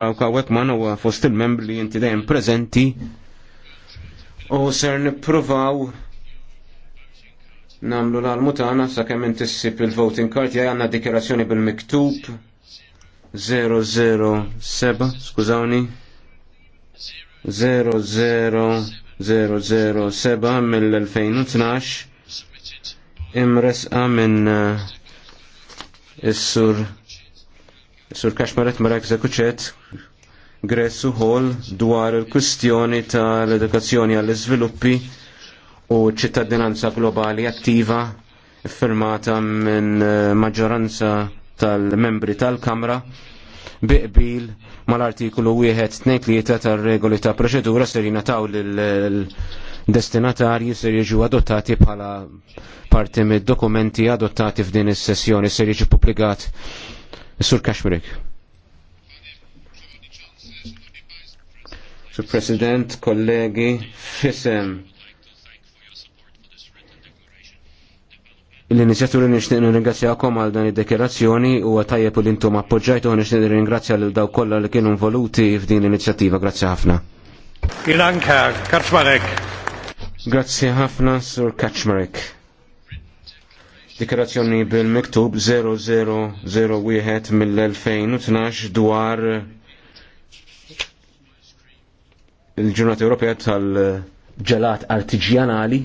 Kawek man u fost il-membri li jinti dajem prezenti u ser nippruvaw namlu l-almutana sakemm inti ssib il-voting card ja għandna dikjerazzjoni bil-miktub 007 skużawni 00007 mill-2012 imresqa minn eh, is-sur Sur Kaxmaret mara ekzekuċet Gress uħol dwar il-kwistjoni tal-edukazzjoni għall-iżviluppi u ċittadinanza globali attiva firmata minn eh, maġġoranza tal-membri tal-Kamra biqbil mal-artikolu 1.2.3 tal-regoli ta' proċedura ser jinataw eh, l-destinatarji ser jiġu adottati bħala parti mid-dokumenti adottati f'din is-sessjoni ser jiġi publikat Sur Kashmirik. Sur President, kollegi, fissem. L-inizjatur nixtieq nirringrazzjakom għal dan id-dekerazzjoni u tajjeb u l-intom appoġġajtu u nixtieq nirringrazzja lil daw kollha li kienu involuti f'din l-inizjattiva. Grazzi ħafna. Grazzi ħafna, Sur Kaczmarek. Dikarazzjoni bil-miktub 0001 mill-2012 dwar il-ġurnata Ewropea tal-ġelat artiġjanali